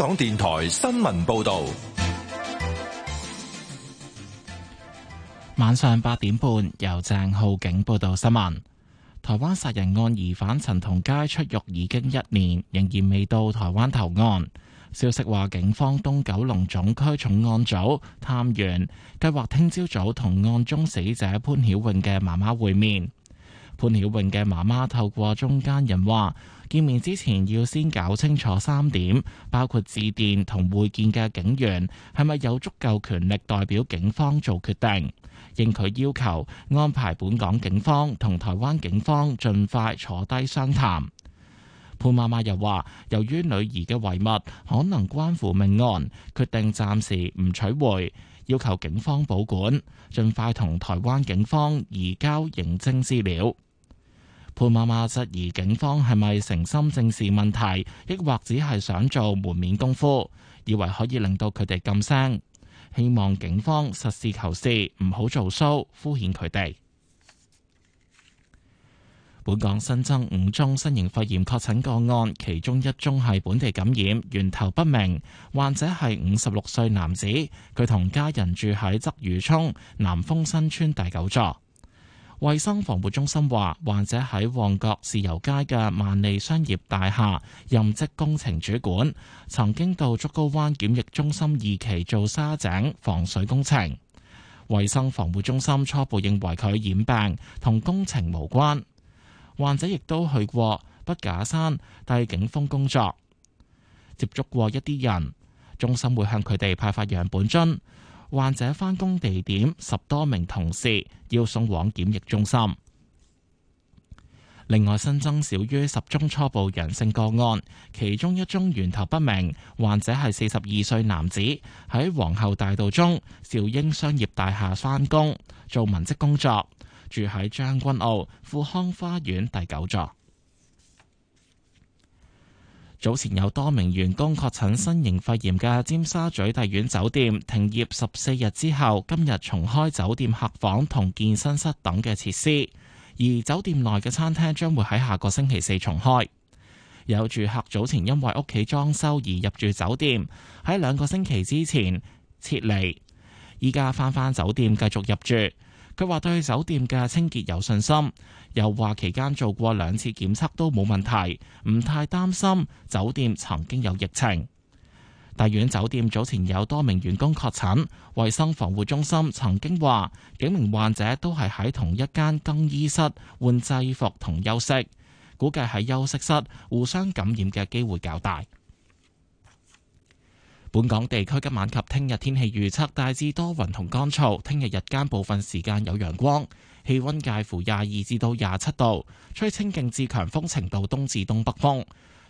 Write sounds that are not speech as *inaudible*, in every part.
港電台新聞報道，晚上八點半由鄭浩景報道新聞。台灣殺人案疑犯陳同佳出獄已經一年，仍然未到台灣投案。消息話，警方東九龍總區重案組探員計劃聽朝早同案中死者潘曉穎嘅媽媽會面。潘曉穎嘅媽媽透過中間人話。見面之前要先搞清楚三點，包括致電同會見嘅警員係咪有足夠權力代表警方做決定，應佢要求安排本港警方同台灣警方盡快坐低商談。潘媽媽又話，由於女兒嘅遺物可能關乎命案，決定暫時唔取回，要求警方保管，盡快同台灣警方移交認證資料。潘媽媽質疑警方係咪誠心正視問題，抑或只係想做門面功夫，以為可以令到佢哋噤聲。希望警方實事求是，唔好做騷敷衍佢哋。本港新增五宗新型肺炎確診個案，其中一宗係本地感染，源頭不明。患者係五十六歲男子，佢同家人住喺鰂魚涌南豐新村第九座。衛生防護中心話，患者喺旺角豉油街嘅萬利商業大廈任職工程主管，曾經到竹篙灣檢疫中心二期做沙井防水工程。衛生防護中心初步認為佢染病同工程無關。患者亦都去過畢架山、帝景峰工作，接觸過一啲人。中心會向佢哋派發樣本樽。患者翻工地點，十多名同事要送往檢疫中心。另外新增少於十宗初步陽性個案，其中一宗源頭不明，患者係四十二歲男子，喺皇后大道中兆英商業大廈翻工，做文職工作，住喺將軍澳富康花園第九座。早前有多名員工確診新型肺炎嘅尖沙咀帝苑酒店停業十四日之後，今日重開酒店客房同健身室等嘅設施，而酒店內嘅餐廳將會喺下個星期四重開。有住客早前因為屋企裝修而入住酒店，喺兩個星期之前撤離，依家翻返酒店繼續入住。佢話對酒店嘅清潔有信心，又話期間做過兩次檢測都冇問題，唔太擔心酒店曾經有疫情。大丸酒店早前有多名員工確診，衞生防護中心曾經話，幾名患者都係喺同一間更衣室換制服同休息，估計喺休息室互相感染嘅機會較大。本港地區今晚及聽日天氣預測大致多雲同乾燥，聽日日間部分時間有陽光，氣溫介乎廿二至到廿七度，吹清勁至強風程度東至東北風，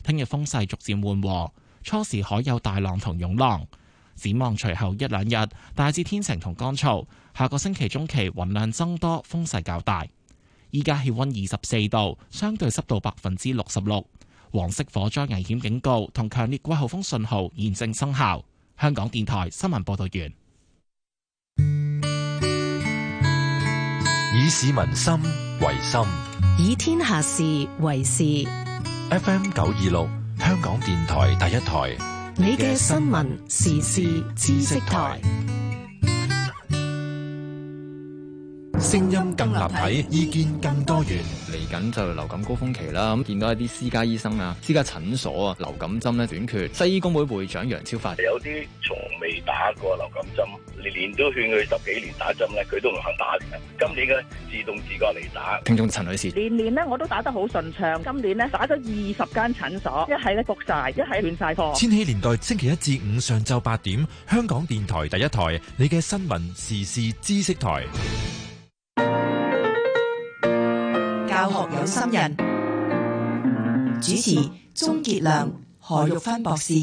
聽日風勢逐漸緩和，初時海有大浪同湧浪，展望隨後一兩日大致天晴同乾燥，下個星期中期雲量增多，風勢較大。依家氣溫二十四度，相對濕度百分之六十六。黃色火災危險警告同強烈季候風信號現正生效。香港電台新聞報道員，以市民心為心，以天下事為事。F M 九二六，香港電台第一台，你嘅新聞時事知識台。聲音更立體，意見更多元。嚟緊就流感高峰期啦，咁見到一啲私家醫生啊、私家診所啊，流感針呢短缺。西醫工會會長楊超發，有啲從未打過流感針，年年都勸佢十幾年打針咧，佢都唔肯打。今年嘅自動自覺嚟打。聽眾陳女士，年年呢，我都打得好順暢，今年呢，打咗二十間診所，一係咧焗晒，一係亂晒科。千禧年代，星期一至五上晝八點，香港電台第一台，你嘅新聞時事知識台。教學有心人，主持鍾杰亮、何玉芬博士。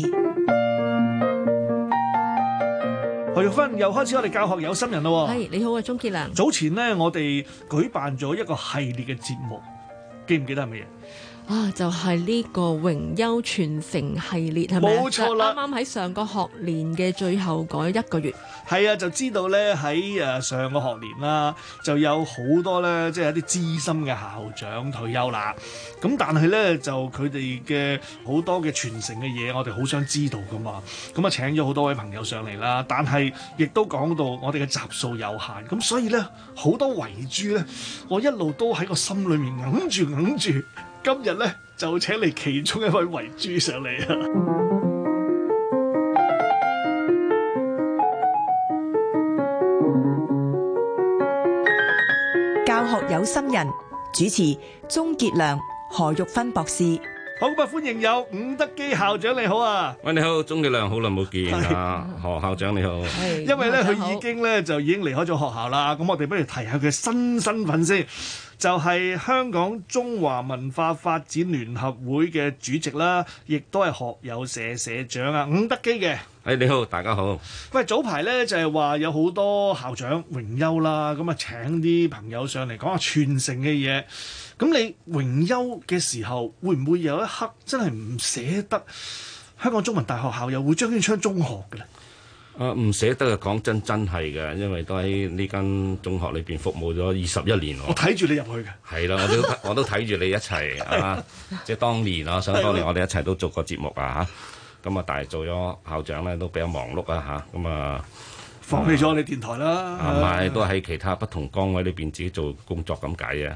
何玉芬又開始我哋教學有心人咯。係，你好啊，我係鍾杰亮。早前呢，我哋舉辦咗一個系列嘅節目，記唔記得係乜嘢啊？就係、是、呢個榮休傳承系列，係咪？冇錯啦，啱啱喺上個學年嘅最後嗰一個月。係啊，就知道咧喺誒上個學年啦、啊，就有好多咧，即係一啲資深嘅校長退休啦。咁但係咧，就佢哋嘅好多嘅傳承嘅嘢，我哋好想知道噶嘛。咁啊請咗好多位朋友上嚟啦，但係亦都講到我哋嘅集數有限，咁所以咧好多遺珠咧，我一路都喺個心裏面諗住諗住。今日咧就請嚟其中一位遺珠上嚟啊！教學有心人，主持鍾杰良、何玉芬博士，好，歡迎有伍德基校長。你好啊，喂你好，鍾杰良好耐冇見啊，何校長你好。係因為咧佢已經咧就已經離開咗學校啦，咁我哋不如提下佢新身份先。就係香港中華文化發展聯合會嘅主席啦，亦都係學友社社長啊，伍德基嘅。誒，hey, 你好，大家好。喂，早排呢就係話有好多校長榮休啦，咁啊請啲朋友上嚟講下傳承嘅嘢。咁你榮休嘅時候，會唔會有一刻真係唔捨得香港中文大學校友會張煊昌中學嘅咧？啊！唔捨得啊！講真，真係嘅，因為都喺呢間中學裏邊服務咗二十一年喎。我睇住你入去嘅。係啦，我都 *laughs* 我都睇住你一齊 *laughs* 啊！即係當年啊，我想當年我哋一齊都做過節目啊嚇。咁啊，但係做咗校長咧，都比較忙碌啊嚇。咁啊，啊放棄咗我哋電台啦。唔係，啊，都喺其他不同崗位裏邊自己做工作咁解嘅。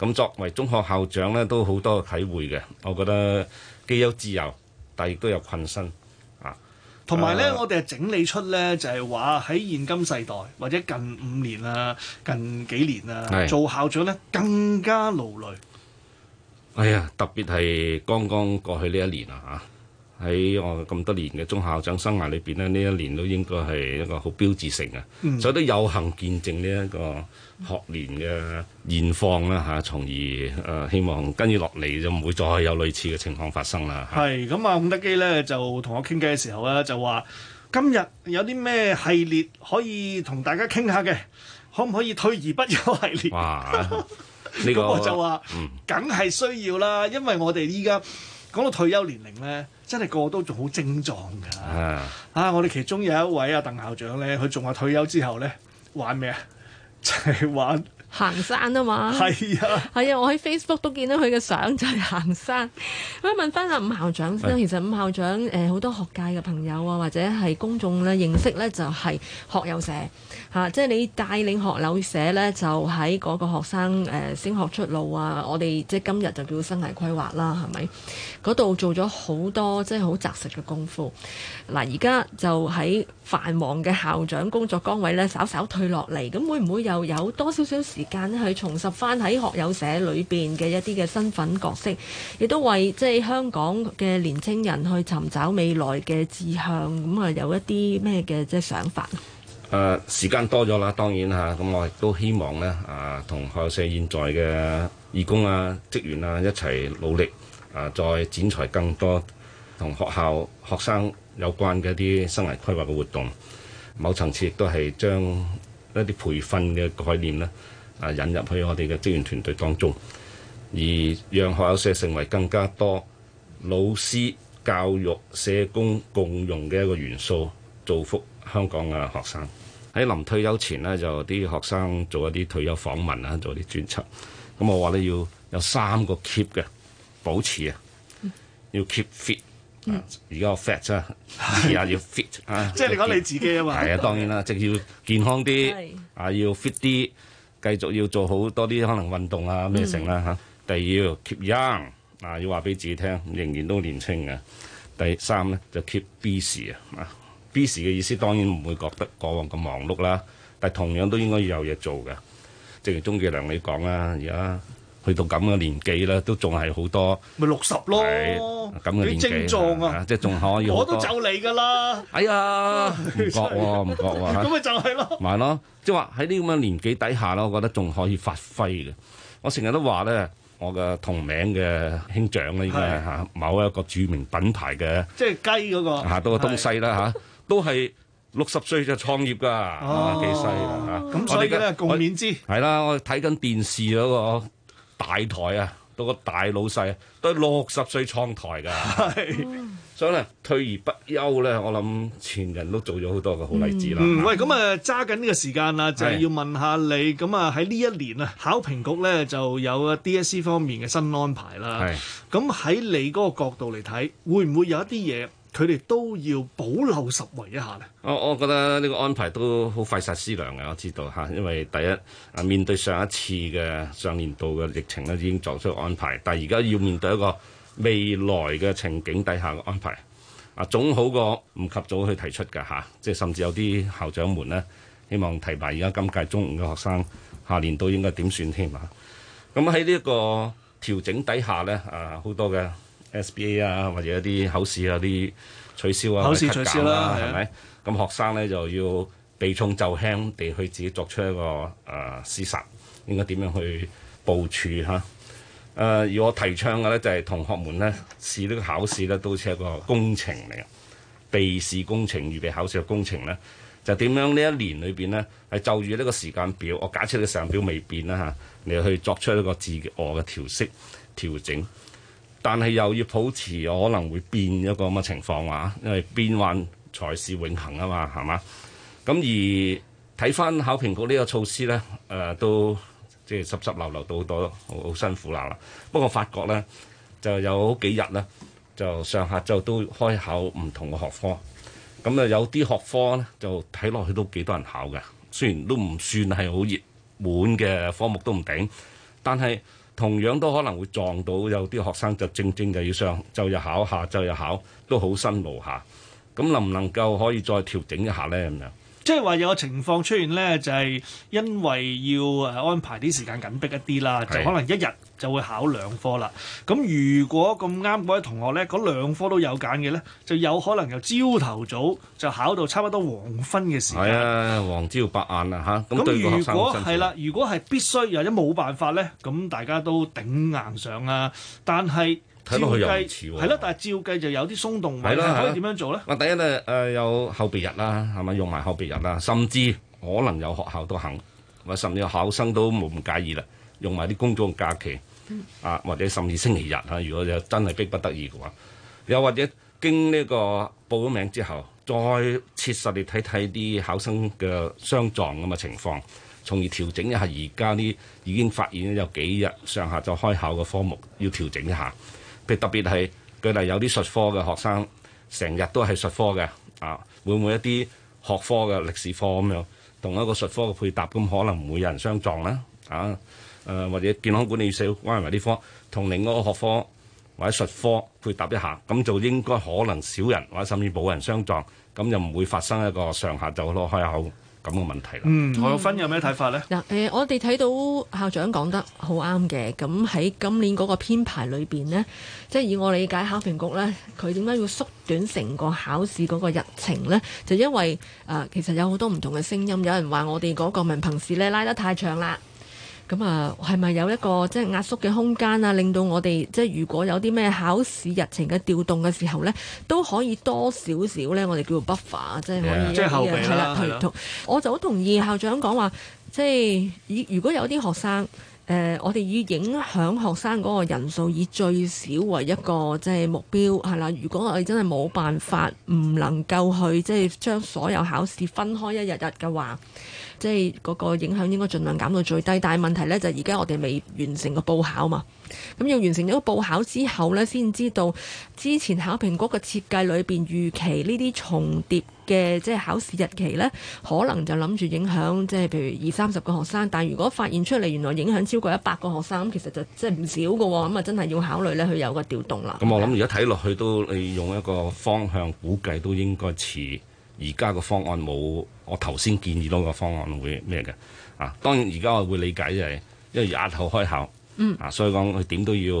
咁 *laughs* 作為中學校長咧，都好多體會嘅。我覺得既有自由，但亦都有困身。同埋咧，呢啊、我哋係整理出咧，就係話喺現今世代或者近五年啊、近幾年啊，是做校長咧更加勞累。哎呀，特別係剛剛過去呢一年啊嚇。喺我咁多年嘅中校長生涯裏邊咧，呢一年都應該係一個好標誌性嘅，嗯、所以都有幸見證呢一個學年嘅現況啦嚇，從而誒、呃、希望跟住落嚟就唔會再有類似嘅情況發生啦。係咁啊，伍德基呢就同我傾偈嘅時候啊，就話今日有啲咩系列可以同大家傾下嘅，可唔可以退而不休系列？呢哇、 *laughs* 呢個 *laughs* 就話梗係需要啦，因為我哋依家講到退休年齡咧。真係個個都仲好精壯㗎！Uh. 啊，我哋其中有一位啊，鄧校長咧，佢仲話退休之後咧，玩咩啊？就係玩。行山啊嘛，係啊，係啊，我喺 Facebook 都見到佢嘅相就係行山。咁、嗯、啊，問翻阿伍校長先啦。其實伍校長誒好、呃、多學界嘅朋友啊，或者係公眾咧認識咧，就係、是、學友社嚇，即係你帶領學友社咧，就喺嗰個學生誒、呃、升學出路啊。我哋即係今日就叫生涯規劃啦，係咪？嗰度做咗好多即係好紮實嘅功夫。嗱、啊，而家就喺繁忙嘅校長工作崗位咧，稍稍退落嚟，咁會唔會又有多少少時？間去重拾翻喺學友社裏邊嘅一啲嘅身份角色，亦都為即係、就是、香港嘅年青人去尋找未來嘅志向，咁啊有一啲咩嘅即係想法？誒、呃、時間多咗啦，當然嚇，咁我亦都希望呢啊，同學友社現在嘅義工啊、職員啊一齊努力啊，再剪裁更多同學校學生有關嘅一啲生涯規劃嘅活動。某層次亦都係將一啲培訓嘅概念咧。啊！引入去我哋嘅職員團隊當中，而讓學友社成為更加多老師、教育、社工共用嘅一個元素，造福香港嘅學生。喺臨退休前呢，就啲學生做一啲退休訪問啊，做啲專輯。咁、嗯嗯嗯、我話咧要有三個 keep 嘅，保持啊，要 keep fit 而家、嗯、我 fat 啫，而家要 fit *laughs* 啊。即係你講你自己啊嘛。係啊，當然啦，即係要健康啲啊， *laughs* *laughs* 要 fit 啲。繼續要做好多啲可能運動啊，咩成啦嚇。第二要 keep young，啊要話俾自己聽，仍然都年輕嘅，啊。第三咧就 keep busy 啊，busy 嘅意思當然唔會覺得過往咁忙碌啦，但係同樣都應該要有嘢做嘅。正如鍾健良你講啦，啊。而家。去到咁嘅年紀咧，都仲係好多。咪六十咯，咁嘅年紀啊。即係仲可以。我都就嚟㗎啦。哎啊，唔覺唔覺喎。咁咪就係咯。咪咯，即係話喺呢咁嘅年紀底下咯，我覺得仲可以發揮嘅。我成日都話咧，我嘅同名嘅兄長咧，應該係嚇某一個著名品牌嘅。即係雞嗰個嚇，都嘅東西啦嚇，都係六十歲就創業㗎，幾犀利！嚇！咁所以共勉之。係啦，我睇緊電視嗰個。大台啊，到個大老細、啊，都六十歲創台㗎，是 *laughs* 所以咧退而不休咧，我諗前人都做咗好多個好例子啦。喂，咁啊揸緊呢個時間啊，就係、是、要問下你，咁啊喺呢一年啊，考評局咧就有 DSE 方面嘅新安排啦。係是，咁喺你嗰個角度嚟睇，會唔會有一啲嘢？佢哋都要保留十圍一下咧。我我覺得呢個安排都好費煞思量嘅。我知道嚇，因為第一啊，面對上一次嘅上年度嘅疫情咧，已經作出安排，但而家要面對一個未來嘅情景底下嘅安排啊，總好過唔及早去提出嘅嚇、啊。即係甚至有啲校長們咧，希望提埋：而家今屆中五嘅學生，下年度應該點算添啊？咁喺呢個調整底下呢，啊，好多嘅。SBA 啊，或者一啲考試啊，啲取消啊，考試取消啦，係咪？咁的學生咧就要避重就輕地去自己作出一個誒廝殺，應該點樣去部署嚇？誒、啊，而、呃、我提倡嘅咧就係、是、同學們咧試呢個考試咧都似係一個工程嚟嘅，備試工程、預備考試嘅工程咧，就點、是、樣呢一年裏邊咧係就住呢個時間表，我假設呢個時間表未變啦嚇、啊，你去作出一個自我嘅調適調整。但係又要保持可能會變一個咁嘅情況啊，因為變幻才是永恆啊嘛，係嘛？咁而睇返考評局呢個措施呢，誒、呃、都即係濕濕流流到好多，好辛苦啦。不過發覺呢，就有幾日呢，就上下晝都開考唔同嘅學科，咁啊有啲學科呢，就睇落去都幾多人考嘅，雖然都唔算係好熱門嘅科目都唔頂，但係。同樣都可能會撞到有啲學生就正正就要上週日考，下週日考，都好辛苦嚇。咁能唔能夠可以再調整一下呢？即係話有個情況出現咧，就係因為要誒安排啲時間緊迫一啲啦，就可能一日就會考兩科啦。咁如果咁啱嗰位同學咧，嗰兩科都有揀嘅咧，就有可能由朝頭早就考到差不多黃昏嘅時間。係啊，黃朝白晏啦嚇。咁如果係啦，如果係必須或者冇辦法咧，咁大家都頂硬上啊！但係。照計係咯，哦，但係照計就有啲鬆動，係的的可以點樣做咧？啊，第一咧誒、呃，有後備日啦，係咪用埋後備日啦？甚至可能有學校都肯，或甚至有考生都冇唔介意啦，用埋啲公眾假期，嗯、啊，或者甚至星期日啊。如果就真係逼不得已嘅話，又或者經呢個報咗名之後，再切實地睇睇啲考生嘅相撞咁嘅情況，從而調整一下而家啲已經發現有幾日上下就開考嘅科目要調整一下。特別係舉例，有啲術科嘅學生，成日都係術科嘅，啊會唔會一啲學科嘅歷史課咁樣，同一個術科嘅配搭咁，可能唔會有人相撞啦，啊，誒、呃、或者健康管理與社會關懷埋啲科，同另一個學科或者術科配搭一下，咁就應該可能少人或者甚至冇人相撞，咁就唔會發生一個上下就攞開口。咁嘅問題啦。嗯，何玉芬有咩睇法呢？嗱、嗯，誒、呃，我哋睇到校長講得好啱嘅。咁喺今年嗰個編排裏邊呢，即係以我理解，考評局呢，佢點解要縮短成個考試嗰個日程呢？就因為誒、呃，其實有好多唔同嘅聲音，有人話我哋嗰個文憑試呢，拉得太長啦。咁啊，係咪有一個即係壓縮嘅空間啊？令到我哋即係如果有啲咩考試日程嘅調動嘅時候咧，都可以多少少咧，我哋叫做 buffer，Yeah. 即係可以即係後備啊，係啦，係啦、啊，的我就好同意校長講話，即係如果有啲學生。誒、呃，我哋以影響學生嗰個人數以最少為一個即係、就是、目標，係啦。如果我哋真係冇辦法，唔能夠去即係將所有考試分開一日日嘅話，即係嗰個影響應該盡量減到最低。但係問題呢，就係而家我哋未完成個報考嘛。咁要、嗯、完成咗報考之後呢，先知道之前考評局嘅設計裏邊預期呢啲重疊嘅即係考試日期呢，可能就諗住影響，即係譬如二三十個學生，但係如果發現出嚟原來影響超過一百個學生，咁其實就即係唔少㗎喎、哦，咁啊真係要考慮呢佢有個調動啦。咁我諗而家睇落去都，你用一個方向估計，都應該似而家個方案冇我頭先建議到個方案會咩嘅啊？當然而家我會理解就係、是、因為押後開考。嗯，啊，所以講佢點都要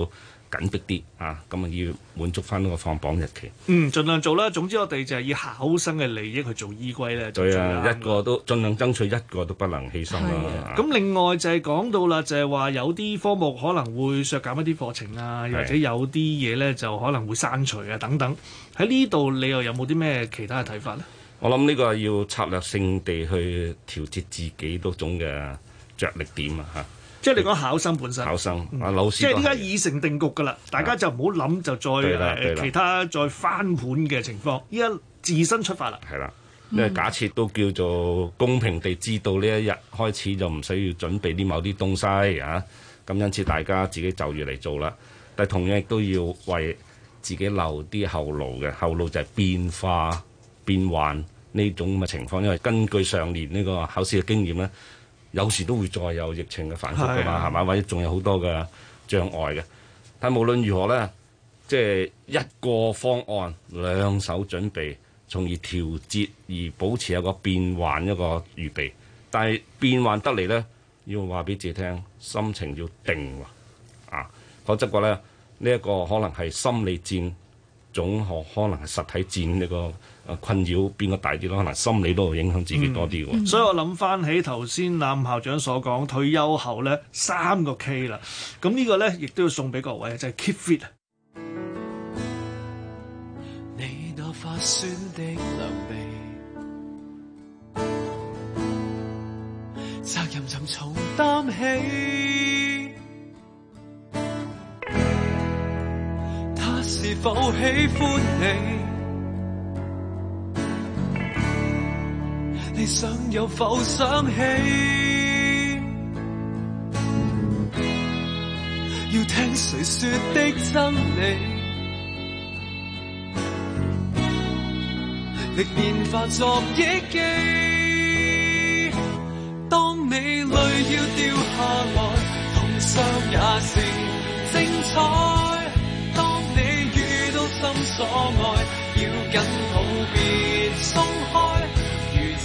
緊迫啲啊，咁啊要滿足翻呢個放榜日期。嗯，盡量做啦。總之我哋就係以考生嘅利益去做依歸咧。對啊，一個都盡量爭取，一個都不能犧牲啦。咁、啊啊、另外就係講到啦，就係、是、話有啲科目可能會削減一啲課程啊，或者有啲嘢咧就可能會刪除啊等等。喺呢度你又有冇啲咩其他嘅睇法咧？我諗呢個要策略性地去調節自己多種嘅着力點啊吓。即係你講考生本身，考生啊、嗯、老師，即係依家已成定局㗎啦，的大家就唔好諗就再其他再翻盤嘅情況。依家自身出發啦，係啦了，因為、嗯、假設都叫做公平地知道呢一日開始就唔使要準備啲某啲東西啊，咁因此大家自己就住嚟做啦。但係同樣亦都要為自己留啲後路，嘅後路就係變化變幻呢種咁嘅情況。因為根據上年呢個考試嘅經驗咧。有時都會再有疫情嘅反覆㗎嘛，係嘛的？或者仲有好多嘅障礙嘅。但係無論如何呢，即係一個方案兩手準備，從而調節而保持一個變幻一個預備。但係變幻得嚟呢，要話俾自己聽，心情要定啊！我覺得咧，呢、這、一個可能係心理戰，總可可能係實體戰呢、這個。啊，困擾邊個大啲咯？可能心理都會，影響自己多啲喎。嗯嗯、所以我諗翻起頭先，林校長所講退休後咧三個 K 啦。咁、嗯嗯、呢個咧，亦都要送俾各位，就係、是、keep fit *music* 你的，發酸的責任就重擔起。他是否喜歡你？你想有否想起？要聽誰說的真理？歷變化作憶記。當你淚要掉下來，痛傷也是精彩。當你遇到心所愛，要緊抱別鬆開。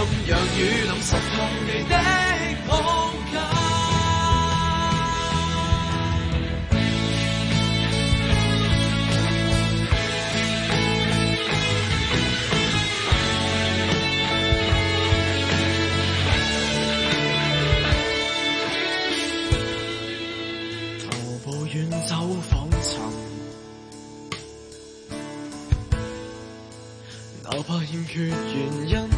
讓雨淋濕透你的空間。徒步遠走訪尋，哪怕欠缺原因。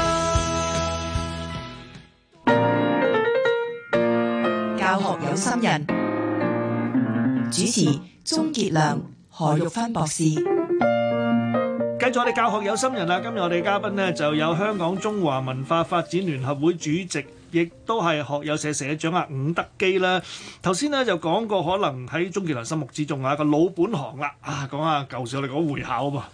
心人主持鍾杰良何玉芬博士，繼續我哋教學有心人啦。今日我哋嘅嘉賓呢就有香港中華文化發展聯合會主席，亦都係學友社社長啊，伍德基啦。頭先呢就講過，可能喺鐘杰良心目之中啊個老本行啦。啊，講下舊時，我哋個會考呀嘛。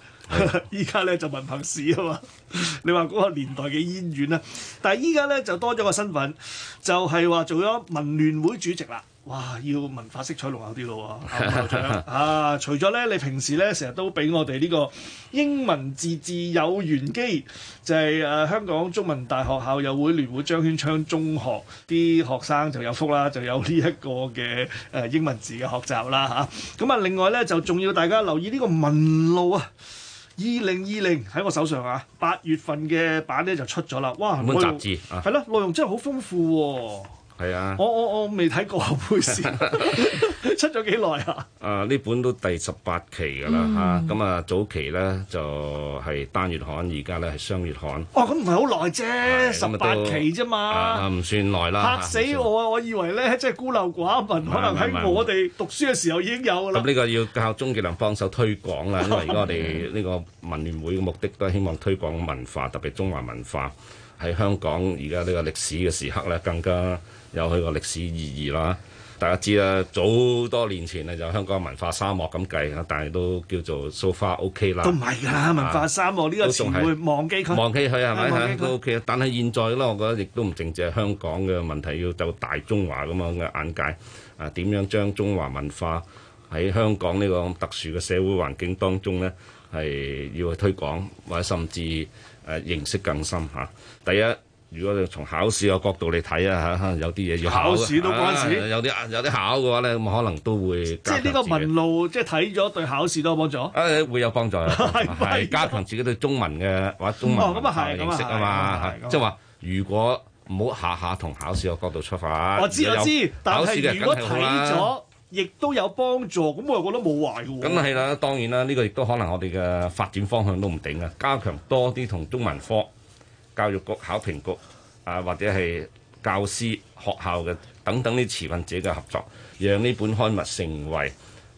依家咧就文憑試啊嘛， *laughs* 你話嗰個年代嘅醫院啦，但係依家咧就多咗個身份，就係、是、話做咗文聯會主席啦。哇，要文化色彩濃厚啲咯啊，除咗咧，你平時咧成日都俾我哋呢個英文字字有玄機，就係、是、誒、啊、香港中文大學校友會聯會張煊昌中學啲學生就有福啦，就有呢一個嘅誒英文字嘅學習啦嚇。咁啊，另外咧就仲要大家留意呢個文路啊。二零二零喺我手上啊，八月份嘅版咧就出咗啦，哇！雜誌內容係啦、啊，內容真係好豐富喎、啊。係啊！我我我未睇過啊！唔好意思，出咗幾耐啊？誒呢本都第十八期㗎啦嚇，咁啊早期咧就係單月刊，而家咧係雙月刊。哦，咁唔係好耐啫，十八期啫嘛。啊，唔算耐啦。嚇死我啊！我以為咧即係孤陋寡聞，可能喺我哋讀書嘅時候已經有啦。咁呢個要靠鍾傑良幫手推廣啦，因為而家我哋呢個文聯會嘅目的都係希望推廣文化，特別中華文化。喺香港而家呢個歷史嘅時刻咧，更加有佢個歷史意義啦。大家知啦，早多年前咧就有香港文化沙漠咁計啊，但係都叫做 So far OK 啦。都唔係㗎，文化沙漠呢、啊、個詞會是忘記佢。忘記佢係咪啊？都 OK。是是但係現在咧，我覺得亦都唔淨止係香港嘅問題，要就大中華咁樣嘅眼界啊，點樣將中華文化喺香港呢個特殊嘅社會環境當中咧，係要去推廣或者甚至。誒認識更深嚇、啊，第一，如果你從考試嘅角度嚟睇啊嚇，有啲嘢要考，考試都關事，啊、有啲有啲考嘅話咧，咁可能都會即係呢個文路，即係睇咗對考試都有幫助。誒、啊，會有幫助係、 *laughs* 啊啊、加強自己對中文嘅或者中文咁嘅認識啊嘛嚇，即係話如果唔好下下同考試嘅角度出發。我知我知，但係如果睇咗。亦都有幫助，咁我又覺得冇壞嘅喎。咁係啦，當然啦，呢個亦都可能我哋嘅發展方向都唔定嘅，加強多啲同中文科教育局、考評局啊、呃，或者係教師、學校嘅等等啲持份者嘅合作，讓呢本刊物成為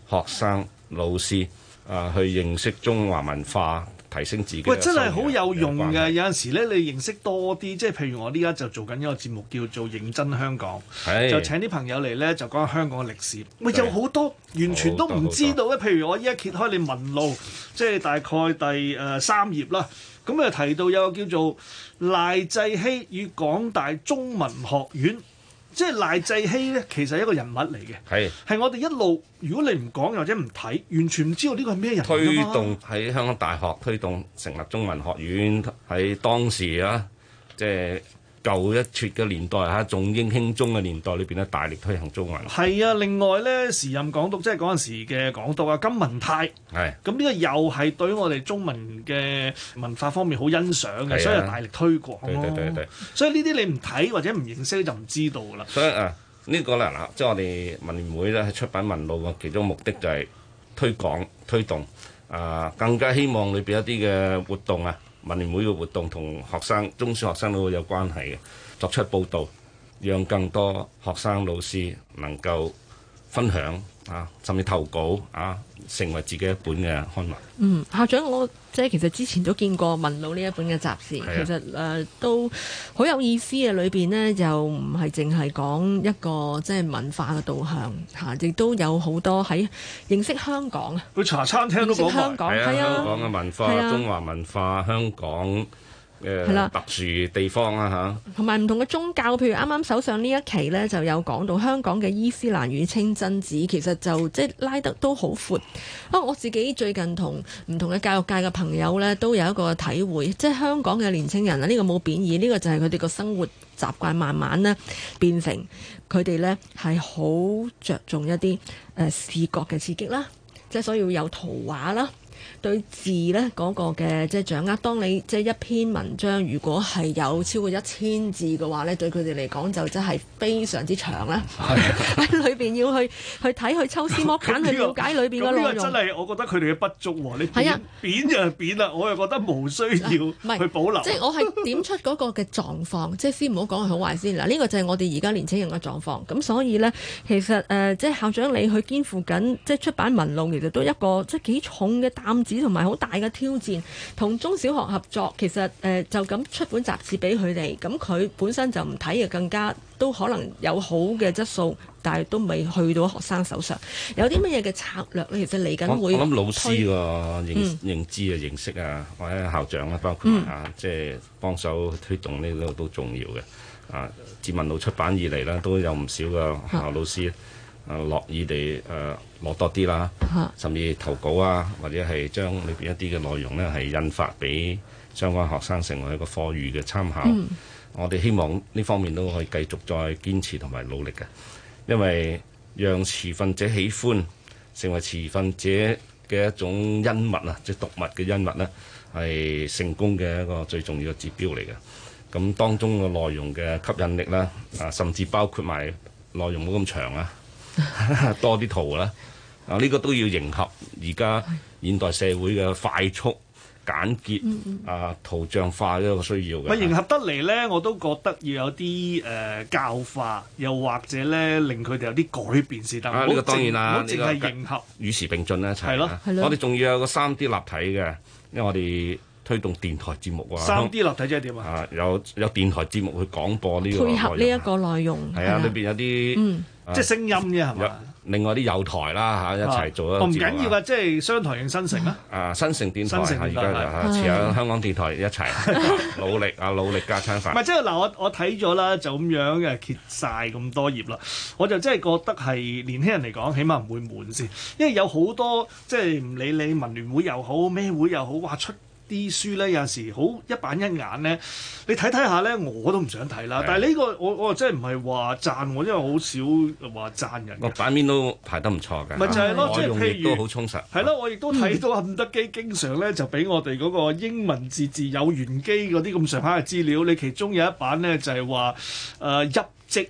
學生、老師啊、呃、去認識中華文化。提升自己。喂，真係好有用嘅。有陣時咧，你認識多啲，即係譬如我呢家就做緊一個節目叫做《認真香港》，是就請啲朋友嚟咧就講,講香港嘅歷史。喂對，有好多完全都唔知道咧。好多好多譬如我依家揭開你文路，即係大概第誒、呃、三頁啦。咁誒就提到有個叫做賴際熙與港大中文學院。即係賴濟熙呢，其實係一個人物嚟嘅，係是我哋一路。如果你唔講或者唔睇，完全唔知道呢個係咩人，推動喺香港大學推動成立中文學院喺當時啊，即、呃、係。舊一撮嘅年代嚇，重英輕中嘅年代裏邊咧，大力推行中文。係啊，另外咧，時任港督即係嗰陣時嘅港督啊，金文泰。係、啊。咁呢個又係對我哋中文嘅文化方面好欣賞嘅，啊、所以大力推廣咯、啊。對對對對。所以呢啲你唔睇或者唔認識，就唔知道啦。所以啊，呢、呢個咧嗱，即係我哋文聯會咧，係出品《文路》嘅其中目的就係推廣推動啊，更加希望裏邊一啲嘅活動啊。文聯會嘅活動同學生中小學生都有關係嘅，作出報道，讓更多學生老師能夠分享啊，甚至投稿啊。成為自己一本嘅刊物。嗯，校長，我即係其實之前都見過《文路》呢一本嘅雜誌，啊、其實誒、呃、都好有意思嘅，裏邊呢又唔係淨係講一個即係文化嘅導向嚇，亦、啊、都有好多喺認識香港啊，去茶餐廳都講香港，係啊，啊香港嘅文化、啊、中華文化、香港。係啦，特殊地方啦嚇，的同埋唔同嘅宗教，譬如啱啱手上呢一期呢，就有講到香港嘅伊斯蘭與清真寺，其實就即係拉得都好闊。啊，我自己最近同唔同嘅教育界嘅朋友呢，都有一個體會，即係香港嘅年輕人啊，呢、這個冇貶義，呢、這個就係佢哋個生活習慣慢慢呢變成佢哋呢係好着重一啲誒、呃、視覺嘅刺激啦，即係所以會有圖畫啦。對字咧嗰個嘅即係掌握，當你即係一篇文章如果係有超過一千字嘅話咧，對佢哋嚟講就真係非常之長啦。喺裏邊要去去睇去抽絲剝繭去了解裏邊嘅內容。真係，我覺得佢哋嘅不足喎。你扁，係啊，扁就係扁啦，我又覺得無需要去保留。即係我係點出嗰個嘅狀況，即係先唔好講佢好壞先嗱。呢個就係我哋而家年青人嘅狀況。咁所以咧，其實誒即係校長你去肩負緊即係出版文路，其實都一個即係幾重嘅暗治同埋好大嘅挑戰，同中小學合作其實誒、呃、就咁出本雜誌俾佢哋，咁佢本身就唔睇嘅，更加都可能有好嘅質素，但係都未去到學生手上。有啲乜嘢嘅策略咧？其實嚟緊會推我我諗老師嘅認認知啊、認識啊，嗯、或者校長啊，包括啊，即係、嗯、幫手推動呢度都重要嘅。啊，自文路出版以嚟啦、啊，都有唔少嘅校老師啊、嗯、樂意地誒。啊落多啲啦，甚至投稿啊，或者係將裏邊一啲嘅內容咧，係印發俾相關學生成為一個課餘嘅參考。嗯，我哋希望呢方面都可以繼續再堅持同埋努力嘅，因為讓持份者喜歡成為持份者嘅一種恩物啊，即係讀物嘅恩物咧，係成功嘅一個最重要嘅指標嚟嘅。咁當中嘅內容嘅吸引力啦，啊，甚至包括埋內容冇咁長啊。 *laughs* 多啲圖啦，啊呢、呢個都要迎合而家現，現代社會嘅快速簡潔、嗯、嗯、啊圖像化呢個需要嘅。咪迎合得嚟咧，我都覺得要有啲誒、呃、教化，又或者咧令佢哋有啲改變先得。啊呢、呢個當然啦，我呢、啊呢個迎合與時並進啦一齊。係咯係咯。呢個，我哋仲要有個三 D 立體嘅，因為我哋。推動電台節目啊，三 D 立體即係點啊？有有電台節目去廣播呢個配合呢一個內容係啊，裏邊有啲、啊、即係聲音嘅係嘛？另外啲有台啦嚇一齊做咗哦。唔緊要啊，即係、啊啊就是、雙台定新城啊！啊，新城電台而家就啊，同、啊、香港電台一齊努力啊， *laughs* 努力加餐飯。唔係 *laughs* 即係嗱，我我睇咗啦，就咁樣嘅揭曬咁多頁啦，我就真係覺得係年輕人嚟講，起碼唔會悶先，因為有好多即係唔理你文聯會又好咩會又好，話出。啲書咧有陣時好一板一眼咧，你睇睇下咧我都唔想睇啦。是的 但係呢個我我真係唔係話贊，因為好少話贊人。個版面都排得唔錯㗎。咪就係咯，即係內容亦都好充實。係咯，我亦都睇到肯德基經常咧就俾我哋嗰個英文字字有玄機嗰啲咁上下嘅資料。你其中有一版咧就係話誒入籍。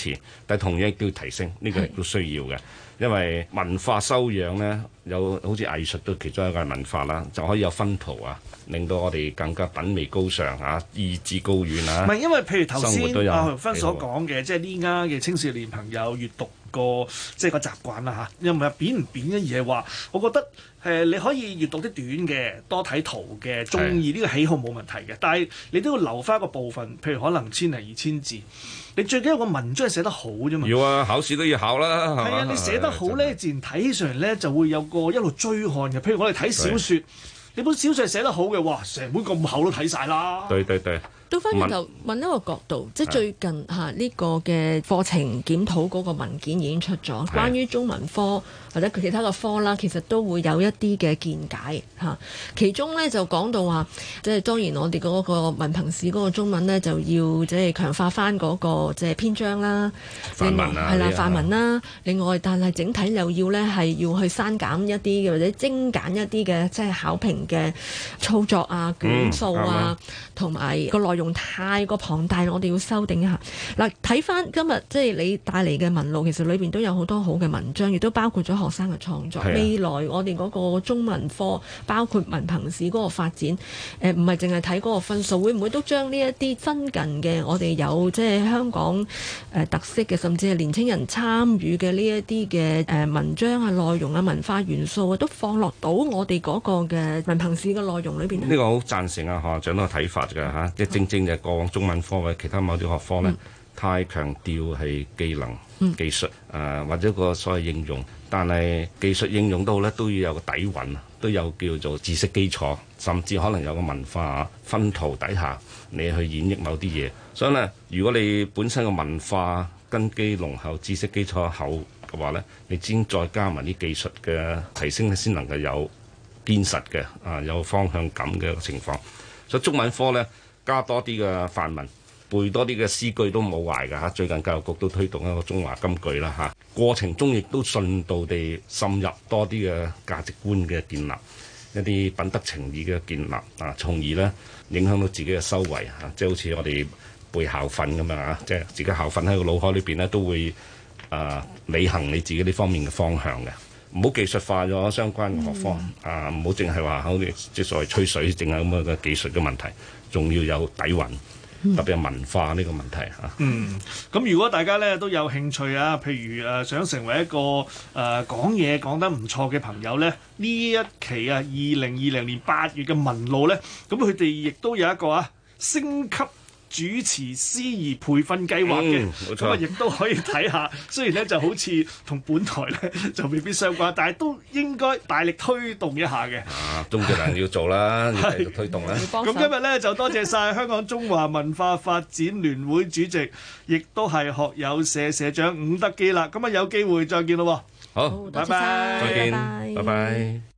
但同樣亦都要提升，呢個亦都需要嘅，因為文化修養咧，有好似藝術都其中一個係文化啦，就可以有薰陶啊，令到我哋更加品味高尚啊，意志高遠啊。唔係，因為譬如頭先阿芬所講嘅，即係呢家嘅青少年朋友閲讀。個即係個習慣啦嚇，又唔係扁唔扁嘅，而係話我覺得誒、呃，你可以閱讀啲短嘅，多睇圖嘅，中意呢個喜好冇問題嘅，的但係你都要留翻一個部分，譬如可能千零二千字，你最緊要個文章係寫得好啫嘛。要啊，考試都要考啦，係嘛的？你寫得好咧，自然睇起上嚟咧就會有個一路追看嘅。譬如我哋睇小説，對你本小説係寫得好嘅，哇！成本咁厚都睇晒啦。對對對。倒翻轉頭問一個角度，即係最近嚇呢的、啊這個嘅課程檢討嗰個文件已經出咗，的關於中文科或者其他個科啦，其實都會有一啲嘅見解嚇、啊。其中咧就講到話，即係當然我哋嗰個文憑試嗰個中文咧就要即係強化翻、那、嗰個即係篇章啦，範文啦、啊，係啦的，範文啦、啊。的另外，但係整體又要咧係要去刪減一啲嘅或者精簡一啲嘅即係考評嘅操作啊、卷數啊，同埋個內容。用太過龐大，我哋要修訂一下。嗱，睇翻今日即係你帶嚟嘅文路，其實裏邊都有好多好嘅文章，亦都包括咗學生嘅創作。啊、未來我哋嗰個中文科，包括文憑試嗰個發展，誒唔係淨係睇嗰個分數，會唔會都將呢一啲增近嘅我哋有即係香港誒、呃、特色嘅，甚至係年青人參與嘅呢一啲嘅誒文章啊、內容啊、文化元素啊，都放落到我哋嗰個嘅文憑試嘅內容裏邊。呢個好贊成啊！校長都嘅睇法㗎吓。啊正就係過往中文科或者其他某啲學科呢，太強調係技能、技術，誒、呃、或者個所謂應用。但係技術應用都好呢，都要有個底蘊，都有叫做知識基礎，甚至可能有個文化、啊、分圖底下你去演繹某啲嘢。所以呢，如果你本身嘅文化根基濃厚、知識基礎厚嘅話呢，你先再加埋啲技術嘅提升先能夠有堅實嘅啊、呃，有方向感嘅情況。所以中文科呢，加多啲嘅範文，背多啲嘅詩句都冇壞㗎。最近教育局都推動一個中華金句啦，吓、啊、過程中亦都順道地滲入多啲嘅價值觀嘅建立，一啲品德情意嘅建立啊，從而咧影響到自己嘅修為吓，即係好似我哋背校訓咁樣啊，即係、啊、自己校訓喺個腦海裏邊咧都會啊履行你自己呢方面嘅方向嘅。唔好技術化咗相關嘅學科、嗯、啊！唔好淨係話即係所謂吹水，淨係咁樣嘅技術嘅問題，仲要有底蘊，嗯、特別係文化呢個問題嚇。啊、嗯，咁如果大家咧都有興趣啊，譬如誒、呃、想成為一個誒、呃、講嘢講得唔錯嘅朋友咧，呢一期啊二零二零年八月嘅文路咧，咁佢哋亦都有一個啊升級。主持司儀培訓計劃嘅咁啊，亦、嗯、都可以睇下。雖然咧就好似同本台咧就未必相關，但係都應該大力推動一下嘅。啊，鍾志難要做啦， *laughs* 要繼續推動啦。咁的今日咧就多謝晒香港中華文化發展聯會主席，亦都係學友社社長伍德基啦。咁啊，有機會再見咯。好，拜拜，謝謝再見，拜拜。拜拜。